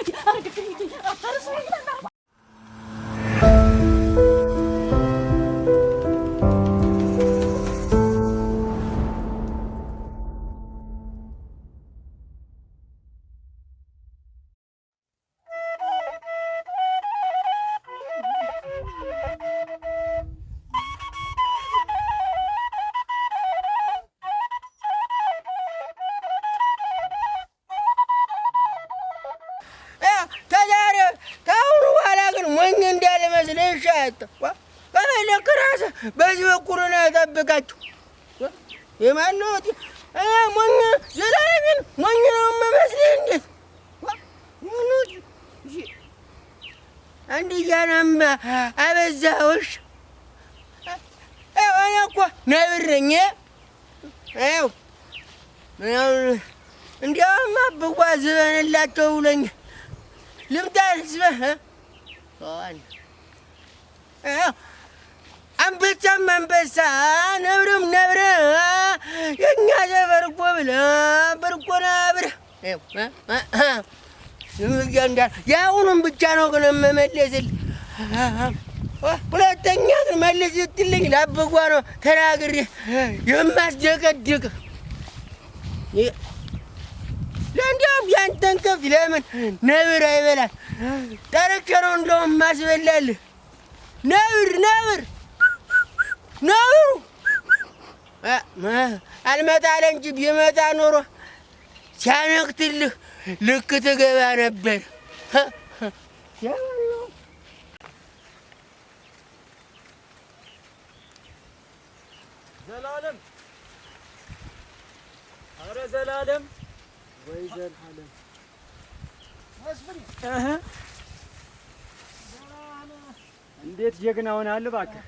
അമ്മയ്ക്ക് അരക്കിട്ടിരിക്കും ያጣ ከፈለክ በዚህ በኩል ነው ሞኝ ዘላለምን ሞኝ ነው እንዴት አንድ እኔ እኮ ነብረኝ ው እንዲያውም አብዋ ዝበንላቸው ልምጣ አንበሳም አንበሳ ነብርም ነብር የእኛ ሰፈር እኮ ብለህ ነበር ነብር የአሁኑም ብቻ ነው ግን የምመለስልህ። ሁለተኛ ግን መልስ ስትልኝ ላብጓ ነው ተናግሬ የማስደቀድቅ ለእንዲያውም ያንተን ከፍ ለምን ነብር አይበላል ጠረቸ ነው እንደውም ማስበላልህ نور نور نور اه، ما المتا لنجي بيمتا نورو شانقتل لك تجيب انا بير زلالم ارى زلالم ويزال حالم اصبري اها እንዴት ጀግና ሆናል! እባክህ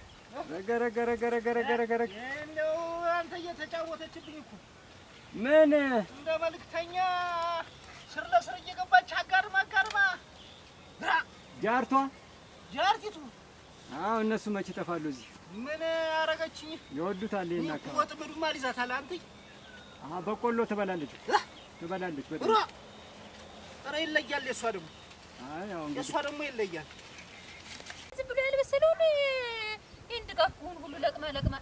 ረገረገረገረገረገረገረ እንደው አንተ እየተጫወተችብኝ እኮ ምን እንደ መልእክተኛ ስር ለስር እየገባች አጋርማ አጋርማ ጃርቷ ጃርቲቱ አዎ እነሱ መቼ ይጠፋሉ እዚህ ምን አረገችኝ ይወዱታል ይሄን አካባቢ ወጥመዱማ ልይዛታል አንተ አሀ በቆሎ ትበላለች ትበላለች በጣም ኧረ ይለያል የእሷ ደግሞ አይ አሁን የእሷ ደግሞ ይለያል ዝም ብሎ ያልበሰለው ይህን ድጋፍሁን ሁሉ ለቅማ ለቅማ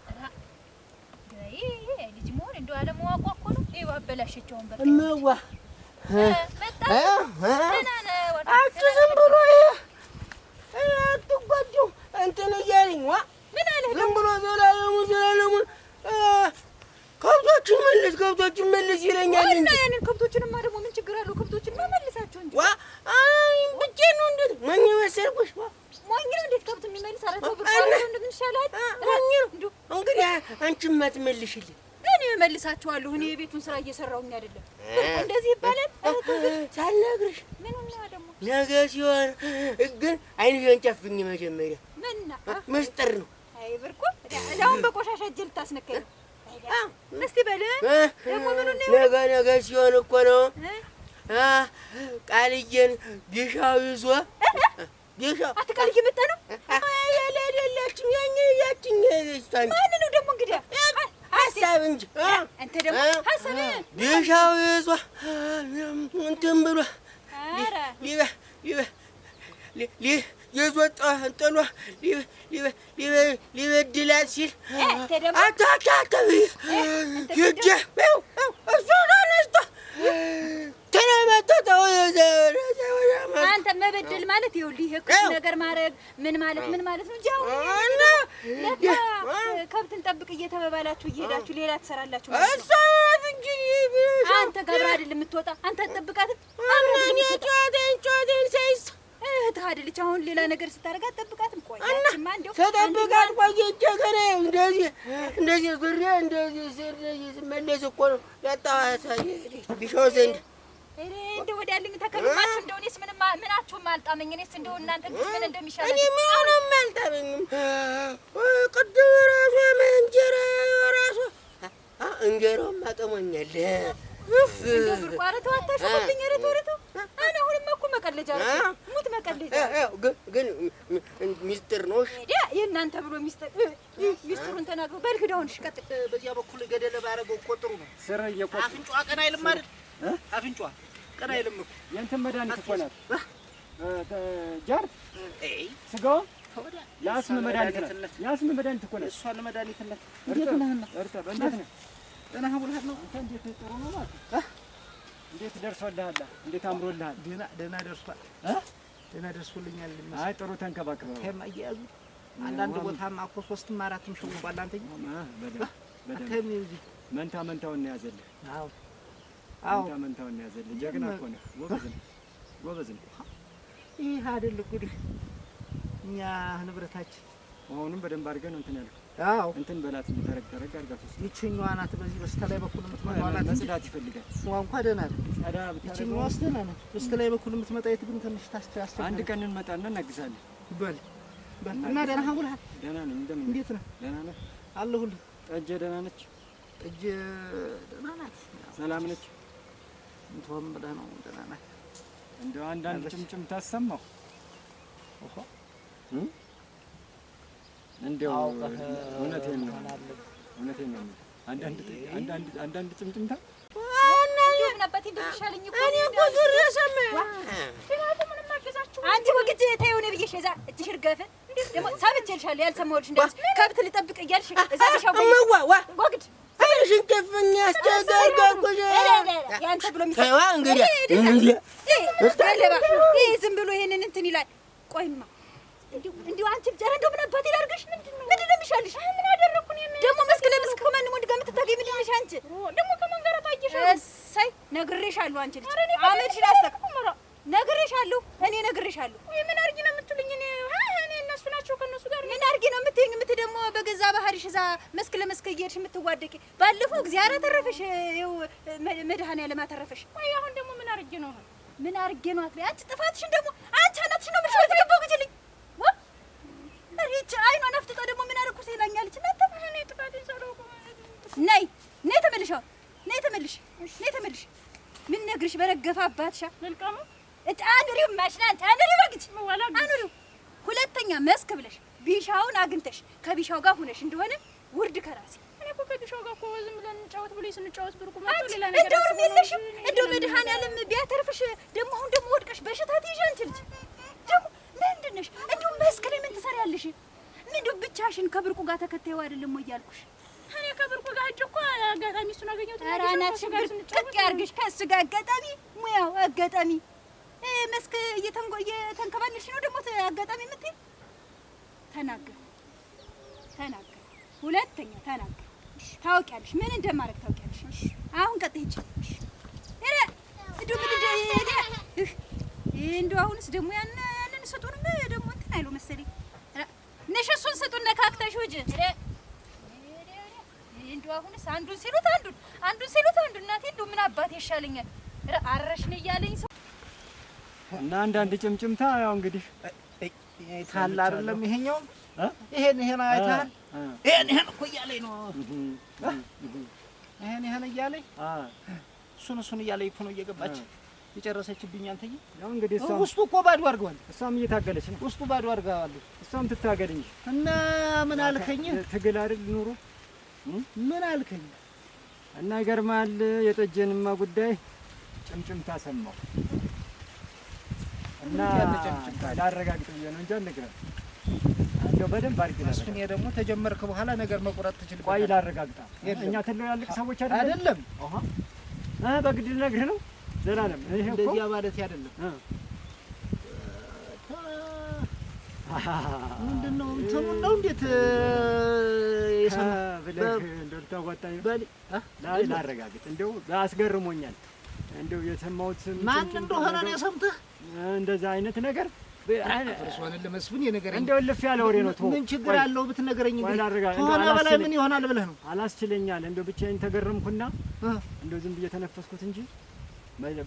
ልጅ መሆን እንደው አለማወቋ እኮ ነው። ይኸው አበላሸችውን በቃ እመዋ መጣ ዝም ብሎ እከሳቸዋለሁ። እኔ የቤቱን ስራ እየሰራሁኝ አይደለም። እንደዚህ ይባላል ሳልነግርሽ። ምኑና ደግሞ ነገ ሲሆን ግን አይንሽን ጨፍኝ። መጀመሪያ ምና ምስጢር ነው። አይ ብርኩ እዳሁን በቆሻሻ እጄ ልታስነካኝ እስቲ በል ደግሞ ምኑን ነገ ነገ ሲሆን እኮ ነው ቃልዬን ቢሻው ይዞ ቢሻው አትቃልዬ መጣ ነው የሌሌላችን ያኛ ያችኛ ማን ነው ደግሞ እንግዲያ ሀሳብ እንጂ አንተ ደግሞ ሀሳብ ግሻው እሷ እንትን ብሎ ሊበ ሊበ ሊ የዞጣ እንጠሏ ሊበድላት ሲል አታካከብ ይጀ እሱ ነስቶ ተለመጠጠው አንተ መበደል ማለት ይኸውልህ ክፉ ነገር ማድረግ ምን ማለት ምን ማለት ነው እንጂ አሁን ከብትን ጠብቅ እየተባባላችሁ እየሄዳችሁ ሌላ ትሰራላችሁ ማለት ነው። አንተ ጋር አይደል የምትወጣ አንተ አትጠብቃትም። እህትህ አይደለች? አሁን ሌላ ነገር ስታደርግ አትጠብቃትም? ቆይ አንቺማ እንደው ተጠብቃት ቆየች። ገሬ እንደዚህ እንደዚህ ዙሬ እንደዚህ እንደዚህ ስመለስ እኮ ነው ያጣኋት ቢሻው ዘንድ እኔ እንደው ወዲያልኝ ተከልማችሁ እንደው እኔስ ምንም ምናችሁም አልጣመኝ። እኔስ እንደው እናንተ ግስ ምን እንደሚሻለኝ እኔ ምንም አልጣመኝም። ቅድም ራሱ እንጀራ ራሱ እንጀራውም አጥሞኛል። ብርቋረተው አታሽብኝ። ኧረ ተወረተው እኮ መቀለጃ ግን ሚስጥር ነው የእናንተ ብሎ ሚስጥሩን ተናግሮ በልክ ደሆን ሽቀጥ በዚያ በኩል ገደለ ባረገው እኮ ጥሩ ነው። አፍንጫዋ ቀና አይልም አይደል? አፍንጫዋ ቀና አይልም እኮ የእንትን መድኃኒት እኮ ናት። ጃርት ስጋው የአስም መድኃኒትነት የአስም መድኃኒት እኮ ናት። እሷን መድኃኒትነት እንዴት ነህ? እርጥብ እንዴት ነህ? ደህና ብልሃል ነው አንተ እንዴት ጥሩ ነው ማለት እንዴት ደርሶልሃል? እንዴት አምሮልሃል? ደህና ደርሷል። ደህና ደርሶልኛል። አይ ጥሩ አንዳንድ ቦታማ እኮ ሶስትም አራትም ሸውቋል። አንተኛ በደምብ መንታ መንታውን ነው ያዘልህ። አዎ አዎ፣ መንታ መንታውን ነው ያዘልህ። ጀግና እኮ ነህ። ጎበዝ ጎበዝ ይህ አይደል እኛ ንብረታችን አሁንም በደንብ አድርገን እንትን ያልኩ አዎ እንትን በላት ተረጋጋ አድርጋት። ውስጥ ይቺኛዋ ናት፣ በዚህ በስተላይ በኩል የምትመጣ ናት። ጽዳት ይፈልጋል። እሷ እንኳን ደህና ናት። ይቺኛዋ ደህና ናት። በስተላይ በኩል የምትመጣ የት ግን ትንሽ ታስተያስ። አንድ ቀን እንመጣና እናግዛለን። በል እና ደህና ሀውልሃል። ደህና ነኝ። እንደምን እንዴት ነህ? ደህና ነህ? አለሁልህ። ጠጀ ደህና ነች? ጠጀ ደህና ናት። ሰላም ነች? እንቶም ብለህ ነው ደህና ናት። እንደው አንዳንድ ጭምጭም ታሰማው። ኦሆ እንደው እውነቴን ነው እውነቴን ነው። አንዳንድ አንዳንድ አንዳንድ ጭምጭምታ ዝም ብሎ ይሄንን እንትን ይላል። ቆይማ እንዲሁ አንቺ ልጅ ኧረ እንደው ምን አባቴ ላድርግሽ? ምንድን ነው ምንድን ነው የሚሻልሽ? ምን አደረኩ እኔ? ደግሞ መስክ ለመስክ ከማንም ወንድ ጋር የምትታገኝ ምንድን ነሽ አንቺ? ደግሞ ታየሽ። እሰይ ነግሬሻለሁ። አንቺ ልጅ ነግሬሻለሁ። እኔ ነግሬሻለሁ። ምን አድርጊ ነው የምትሉኝ? እኔ እኔ እነሱ ናቸው ከእነሱ ጋር ምን አድርጊ ነው የምትይኝ? የምት ደግሞ በገዛ ባህሪሽ እዛ መስክ ለመስክ እየሄድሽ የምትዋደቂ። ባለፈው እግዚአብሔር አተረፈሽ፣ ይኸው መድኃኔዓለም አተረፈሽ። አሁን ደግሞ ምን አድርጊ ነው ምን አድርጌ ነው አትበይ አንቺ ጥፋትሽን ደግሞ በረገፈ አባትሻ ልልቀሙ እጣኑሪው ማሽናንት አኑሪው ወግጅ አኑሪው ሁለተኛ መስክ ብለሽ ቢሻውን አግኝተሽ ከቢሻው ጋር ሆነሽ እንደሆነ ውርድ ከራሴ እኔ እኮ ከቢሻው ጋር እኮ ዝም ብለን እንጫወት ብሎ ስንጫወት ብርቁ ማለት ሌላ ነገር እንደውም የለሽም እንደው መድኃኔዓለም ቢያተርፍሽ ደግሞ አሁን ደግሞ ወድቀሽ በሽታ ትይዣ አንቺ ደግሞ ምንድን ነሽ እንደው መስክ ላይ ምን ትሰሪያለሽ ምንድን ብቻሽን ከብርቁ ጋር ተከታዩ አይደለም ወይ ያልኩሽ እኔ ከብርቁ ጋር እጅ እኮ አጋጣሚ እሱን አገኘሁት። ኧረ አናትሽን ብርቅጥቅ ያድርግሽ። ከእሱ ጋር አጋጣሚ ሙያው አጋጣሚ መስክ እየተንከባለልሽ ነው ደግሞ አጋጣሚ የምትይኝ ተናገር ተናገር፣ ሁለተኛ ተናገር። ታውቂያለሽ፣ ምን እንደማድረግ ታውቂያለሽ። አሁን ቀጥይ ሂጅ። እንደው አሁንስ ደግሞ ያንን ስጡንም ደግሞ እንትን አይሉ መሰለኝ ነሽ። እሱን ስጡን ነካክተሽ ውጭ እንደው አሁንስ አንዱን ሲሉት አንዱን አንዱን ሲሉት አንዱ እናቴ እንደው ምን አባቴ ይሻለኛል አረሽን እያለኝ ሰው እና አንዳንድ ጭምጭምታ ያው እንግዲህ ታላ አይደለም ይሄኛው ይሄን ይሄን አይተሃል ይሄን ይሄን እኮ እያለኝ ነው ይሄን ይሄን እያለኝ እሱን እሱን እያለኝ እኮ ነው እየገባች የጨረሰችብኝ አንተዬ። ያው እንግዲህ እሷም ውስጡ እኮ ባዶ አድርገዋል። እሷም እየታገለች ነው። ውስጡ ባዶ አድርገዋል። እሷም ትታገል እና ምን አልከኝ? ትግል አይደል ኑሮ ምን አልከኝ? እና ይገርማል። የጠጀንማ ጉዳይ ጭምጭምታ ሰማሁ እና ላረጋግጥ ብዬ ነው እንጂ አልነግረህም። እንደው በደንብ አድርጌ እሱን ደግሞ ተጀመርክ በኋላ ነገር መቆረጥ ትችል። ቆይ ላረጋግጣ። እኛ ትለያልቅ ሰዎች አይደለም። በግድ ልነግርህ ነው። ዘላለም ይሄ እኮ እንደዚያ ማለት አይደለም ምንድን ነው እንትኑ ነው እንዴት ብለህ እንዳልተወጣኝ ላረጋግጥ፣ እንደው አስገርሞኛል። እንደው የሰማሁት ማን እንደሆነ ነው የሰምተህ እንደዛ አይነት ነገር እርሷንን ለመስፍን የነገረኝ እንደው ልፍ ያለ ወሬ ነው። ምን ችግር አለው ብትነግረኝ? ከሆነ በላይ ምን ይሆናል ብለህ ነው አላስችለኛል። እንደው ብቻዬን ተገረምኩና እንደው ዝም ብዬ ተነፈስኩት እንጂ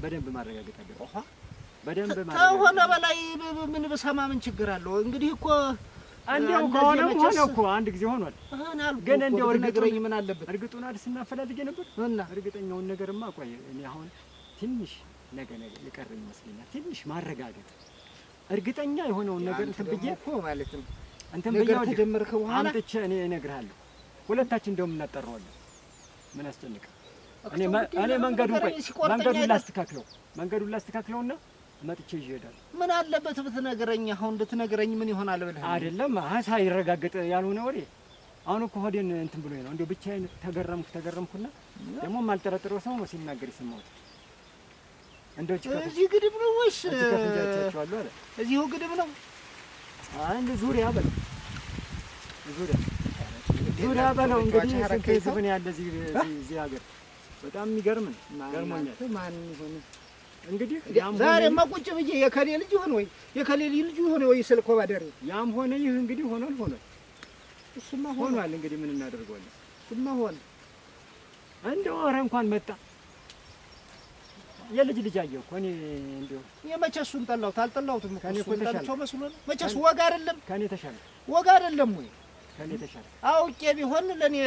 በደንብ ማረጋገጥ አለብህ። ከሆነ በላይ ምን ብሰማ ምን ችግር አለው? እንግዲህ እኮ እንዲያው ሆነ እኮ አንድ ጊዜ ሆኗል። ግን እንዲያው እርግጠኝ ምን አለበት? እርግጡን እናፈላልጌ ነበር እና እርግጠኛውን ነገርማ ቆይ እኔ አሁን ትንሽ ነገ ነገ የቀረኝ ይመስለኛል። ትንሽ ማረጋገጥ እርግጠኛ የሆነውን ነገር እንትን ብዬ እኮ ማለት ነው እንትን ብዬ በኋላ አምጥቼ እኔ እነግርሃለሁ። ሁለታችን እንደውም እናጠራዋለን። ምን አስጨንቀ እኔ መንገዱን ቆይ መንገዱን ላስተካክለው መንገዱን ላስተካክለውና መጥቼ ይሄዳል። ምን አለበት ብትነግረኝ? አሁን ብትነግረኝ ምን ይሆናል ብለህ አይደለም አሳ ሳይረጋገጥ ያልሆነ ወሬ። አሁን እኮ ሆዴን እንትን ብሎ ነው። እንደው ብቻዬን ተገረምኩ ተገረምኩና ደግሞ ማልጠረጥሮ ሰው ነው ሲናገር የሰማሁት። እንደው እዚህ ግድብ ነው ወይስ እዚሁ ግድብ ነው? አንድ ዙሪያ በል ዙሪያ ዙሪያ በለው እንግዲህ ስንት ህዝብ ነው ያለ እዚህ ሀገር? በጣም የሚገርም ነው። ገርሞኛል። ማን ይሆን እንግዲህ ዛሬማ ቁጭ ብዬ የከሌ ልጅ ይሆን ወይ የከሌ ልጅ ይሆን ወይ ስልኮ ባደረ ያም ሆነ ይህ እንግዲህ ሆኗል ሆኗል። እሱማ ሆኗል። እንግዲህ ምን እናደርገዋለን? እሱማ ሆነ። እንደው ኧረ እንኳን መጣ የልጅ ልጅ አየሁ እኮ እኔ እንደው የመቼሱን ጠላሁት አልጠላሁትም እኮ እሱን መስሎ ነው። መቼስ ወግ አይደለም ከእኔ ተሻለ ወግ አይደለም ወይ ከእኔ ተሻለ አውቄ ቢሆን ለእኔ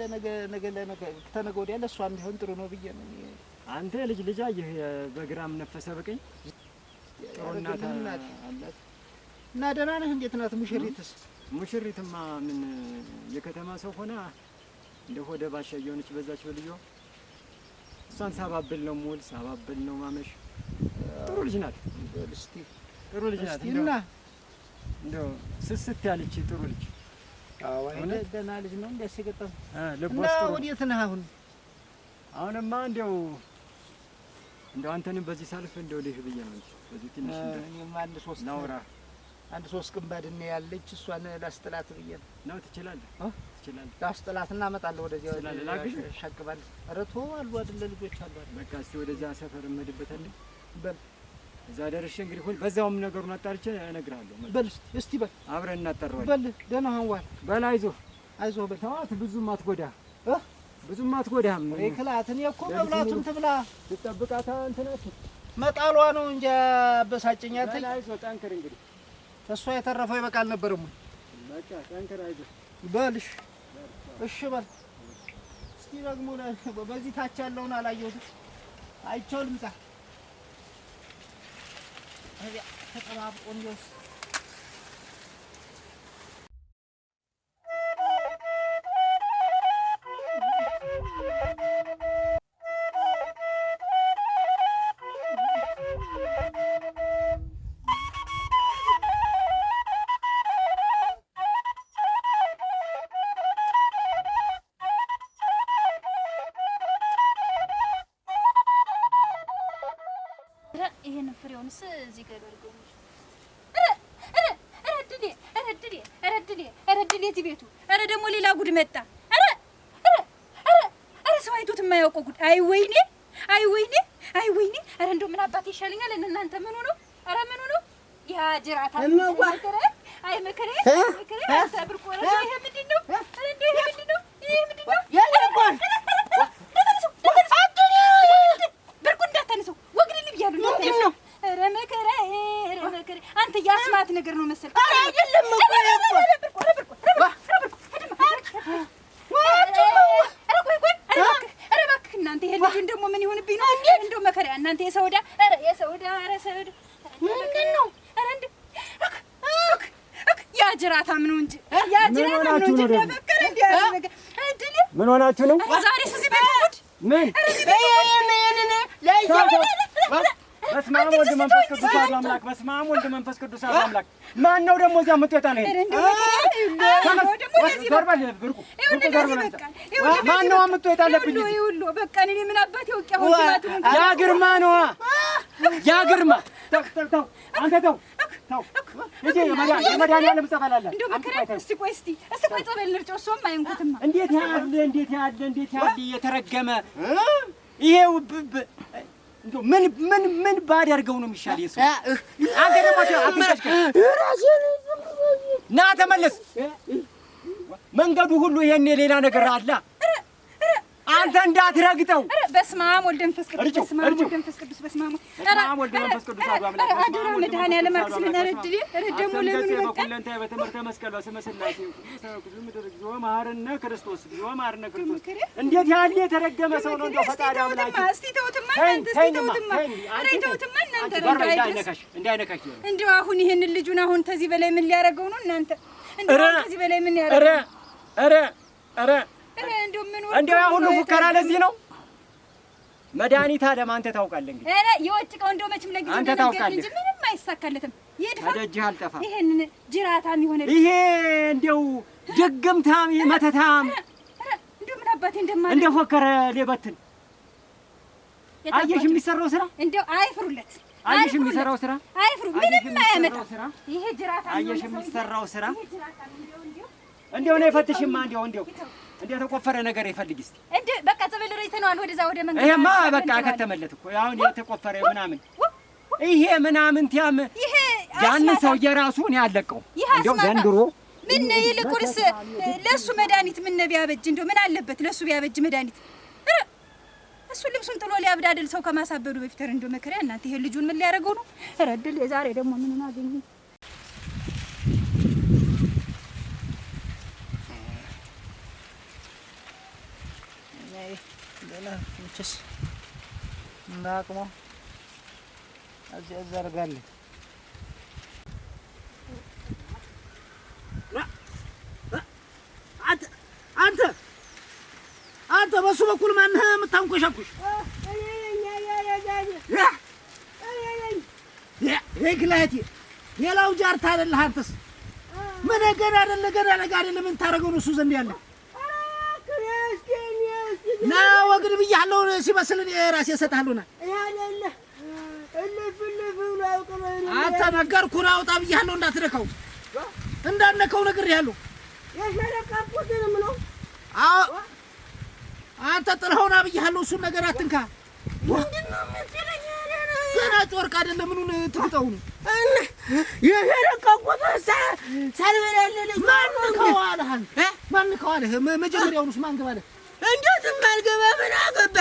ለነገ ነገ ለነገ ተነገ ወዲያ ለእሷ ቢሆን ጥሩ ነው ብዬ ነው አንተ ልጅ ልጅ አየህ በግራም ነፈሰ በቀኝ ጥሩ እናት አላት። እና ደህና ነህ? እንዴት ናት ሙሽሪትስ? ሙሽሪትማ ምን የከተማ ሰው ሆና እንደ ሆደ ባሻ እየሆነች በዛች በልዩ እሷን ሳባብል ነው ሙል ሳባብል ነው ማመሽ። ጥሩ ልጅ ናት። እስቲ ጥሩ ልጅ ናት። እና እንደው ስስት ያለች ጥሩ ልጅ። አዎ ደህና ልጅ ነው። እንደ ሲገጠም ልቦስ ጥሩ። እና ወዴት ነህ አሁን? አሁንማ እንደው እንደው አንተንም በዚህ ሳልፍ እንደው ልህ ብዬ ነው እንጂ በዚህ ትንሽ እንደ አንድ ሶስት ናውራ አንድ ሶስት ግንባድ እና ያለች እሷን ላስጥላት ብዬ ነው ነው። ትችላለህ ትችላለህ። ላስጥላት እናመጣለህ ወደዚህ ሸክባለህ። ኧረ ረቶ አሉ አይደል ልጆች አሉ አይደል? በቃ እስኪ ወደዚያ ሰፈር እምሄድበታለሁ በል። እዛ ደርሼ እንግዲህ ሁሉ በዛውም ነገሩን አጣርቼ እነግርሃለሁ። በል እስቲ በል አብረን እናጣራዋለን። በል ደህና ዋል በል። አይዞህ አይዞህ በል ተዋት ብዙም አትጎዳህ እ ብዙም አትጎዳህም። ክላትን እኮ መብላቱን ትብላ ትጠብቃታ እንትናት መጣሏ ነው እንጂ አበሳጨኝ። አንተ አይዞህ ጠንክር። እንግዲህ እሷ የተረፈው ይበቃል ነበር። በቃ ጠንክር፣ አይዞህ በል። እሺ እሺ በል። እስቲ ደግሞ በዚህ ታች ያለውን አላየሁትም። አይቼው ልምጣ ተጠባብቆ እንዲወስ እዚህ ጋር አድርገው እዚህ ቤቱ ኧረ ደግሞ ሌላ ጉድ መጣ። ኧረ ሰው አይቶት የማያውቀው ጉድ። አይ ወይኔ አይ ወይኔ አይ ወይኔ ኧረ እንደው ምን አባት ይሻልኛል። እናንተ ምኑ ነው? ምኑ ነው ያ ጅራታ አይ ይሄ ምንድን ነው? እንደው ይሄ ምንድን ነው? ይሄ ምንድን ነው? የአስማት ነገር ነው መሰል። ኧረ አይደለም እኮ እናንተ ይሄ ልጁን ደግሞ ምን ይሁንብኝ ነው እንደው መከሪያ እናንተ የሰውዳ ኧረ የሰውዳ ኧረ ሰውዳ ምንድን ነው ያ ጅራታም ነው እንጂ ያ ጅራታም ነው እንጂ እንደፈከረ ምን ሆናችሁ ነው ዛሬ ቤት ምን በስመ አብ ወልድ መንፈስ ቅዱስ አብ አምላክ በስመ አብ ወልድ መንፈስ ቅዱስ አብ አምላክ። ማን ነው ደግሞ እዚያ የምትወጣ ነው? ማን ነው የምትወጣ አለብኝ? ያ ግርማ ነዋ፣ ያ ግርማ አንተ ተው ተው ልጄ፣ የመድኃኒዓለም ጸበል አለ። እስኪ ቆይ እስኪ ቆይ ጸበል ልርጨው፣ እሱም አይንኩትማ። እንዴት ያለ እንዴት ያለ እንዴት ያለ እየተረገመ ይሄው ምን ምን ምን ባደርገው ነው የሚሻል? አንተ ደግሞ ና ተመለስ። መንገዱ ሁሉ ይሄኔ ሌላ ነገር አላ አንተ እንዳትረግጠው። በስመ አብ ወልድ መንፈስ ቅዱስ፣ ቅዱስ፣ አሁን ይሄንን ልጁን አሁን ከዚህ በላይ ምን ሊያደርገው ነው እናንተ? እንደው ከዚህ በላይ ምን ያደርገው? እንደው ያ ሁሉ ፉከራ ለዚህ ነው? መድኃኒት አለም አንተ ታውቃለህ። እንግዲህ ኧረ ቀው እንደው መቼም ለጊዜው አንተ ታውቃለህ እንጂ ምንም አይሳካለትም። ከደጅህ አልጠፋም። ይሄንን ጅራታም የሆነ ይሄ እንደው ድግምታም መተታም እንደው ምን አባቴ እንደማለ እንደ ፎከረ ሌበትን አየሽ የሚሰራው ስራ እንደው አይፍሩለት። አየሽ የሚሰራው ስራ አይፍሩ፣ ምንም አያመጣም። ይሄ ጅራታም አየሽ የሚሰራው ስራ እንደው ነው የፈትሽማ እንደው እንደው እንደ የተቆፈረ ነገር ይፈልግ እስኪ እንደ በቃ ዘበል ሬት ወደዛ ወደ መንገድ ይሄማ በቃ ከተመለት እኮ አሁን የተቆፈረ ምናምን ይሄ ምናምን ቲያም ይሄ ያንን ሰውዬ ራሱ ነው ያለቀው። እንደው ዘንድሮ ምን ይልቁንስ ለእሱ መድኃኒት ምን ቢያበጅ እንደው ምን አለበት ለእሱ ቢያበጅ መድኃኒት እሱ ልብሱን ጥሎ ሊያብድ አይደል ሰው ከማሳበዱ በፊት እንደው መከሪያ እናንተ ይሄ ልጁን ምን ሊያደርገው ነው? ኧረ እድል የዛሬ ደግሞ ምን አገኘ መቼስ እንደ አቅሟ እዚህ እዛ አድርጋለች። አንተ አንተ በሱ በኩል ማን የምታንቆሻኩሽ? ክላቴ ሌላው ጃርታ አይደለህ? አንተስ ምን ገና አይደለ ገና ነገ አይደለም። ምን ታደርገው ነው እሱ ዘንድ ያለ ና ወግድ ብያለሁ። ሲበስል ራሴ እሰጥሃለሁ። ና አንተ ነገርኩህ። ና አውጣ ብያለሁ። እንዳትነካው እንዳትነካው ነግሬሃለሁ። አንተ ጥልኸው ና ብያለሁ። እሱን ነገር አትንካ። ገና ጮርቅ አይደለም። ምኑን ትግጠው ነው? ማን ከዋልህ? መጀመሪያውንስ ማን ገባለህ? እንዴት የማልገባ ምን አገባ?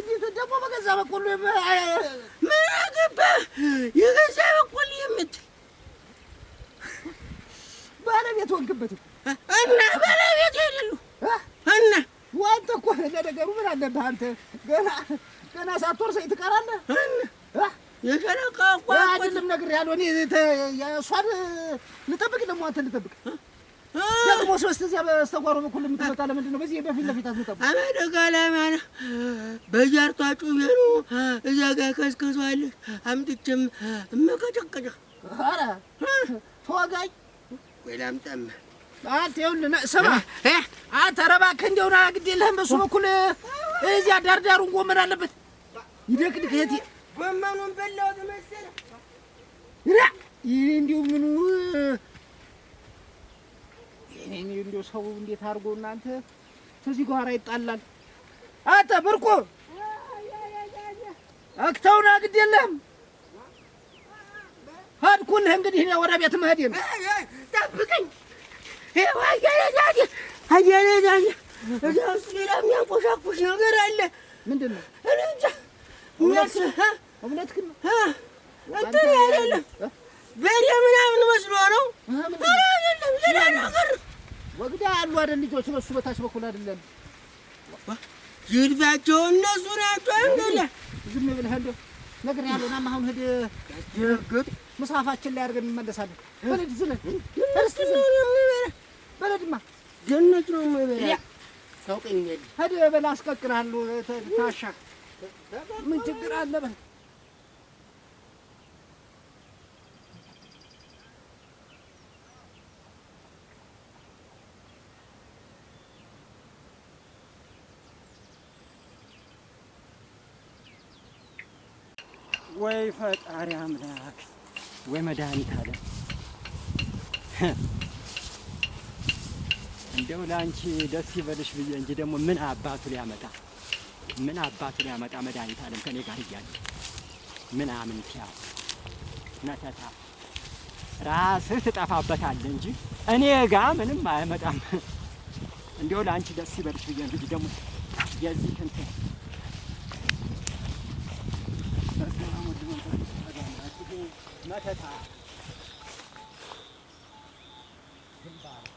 እንዴት ደግሞ በገዛ በቆሎ ምን አገባ? የገዛ በቆሎ የምትል ባለቤት ወንክበት እና ባለቤት አይደሉ እና ዋንተ እኮ ለነገሩ ምን አለብህ አንተ ገና ገና ሳትወርሰኝ ትቀራለህ። የሸለቃ እኮ አይደለም ነግሬሃለሁ እኔ የእሷን ልጠብቅ ደግሞ አንተን ልጠብቅ ደግሞ ሶስት እዚያ በስተጓሮ በኩል የምትመጣ ለምንድን ነው? በዚህ በፊት ለፊት አትመጣም። አመደጋ ላማና በጃርቷ ጩቤ እዚያ ጋር ከስከሷለች። አምጥቼም መቀጨቀጨ ኧረ ተወጋኝ ወይ ላምጣም አንተ ይኸውልህ፣ ስማ አንተ ኧረ እባክህ እንደው ና ግድ የለህም። በእሱ በኩል እዚያ ዳርዳሩን ጎመን አለበት ይደቅድቅ የት ጎመኑን በላሁት መሰለህ እንዲሁ ምኑ እንዲያው ሰው እንዴት አድርጎ እናንተ ከዚህ ጋር ይጣላል። አንተ ብርቁ አክተውና ግድ ሀድኩልህ እንግዲህ እኔ ወደ ቤት መሄድ የሚያንቆሻቁሽ ነገር አለ። ምንድን ነው? እውነትህን እንትን አይደለም በሬ ምናምን መስሎ ነው። አይደለም ሌላ ነገር ወግዳ አሉ አይደል ልጆች፣ በሱ በታች በኩል አይደለም ይልፋቸው እነሱ ናቸው። እንደለ ዝም ብለህ እንደው ነገር ያለው አሁን ሄደ ይርግጥ መጽሐፋችን ላይ አድርገን እንመለሳለን። በለድ ዝለ እርስ በለድማ ገነት ነው የሚበላ ታውቀኝ ሄደ በላ አስቀቅልሃለሁ። ታሻ ምን ችግር አለ በል ወይ ፈጣሪ አምላክ ወይ መድኃኒት አለ እንደው ለአንቺ ደስ ይበልሽ ብዬ እንጂ ደግሞ ምን አባቱ ሊያመጣ ምን አባቱ ሊያመጣ መድኃኒት አለም ከኔ ጋር እያለ ምን አምንት ያው ነተታ ራስህ ትጠፋበታለህ እንጂ እኔ ጋ ምንም አያመጣም። እንዲሁ ለአንቺ ደስ ይበልሽ ብዬ እንግዲህ ደግሞ የዚህ እንትን Not at all.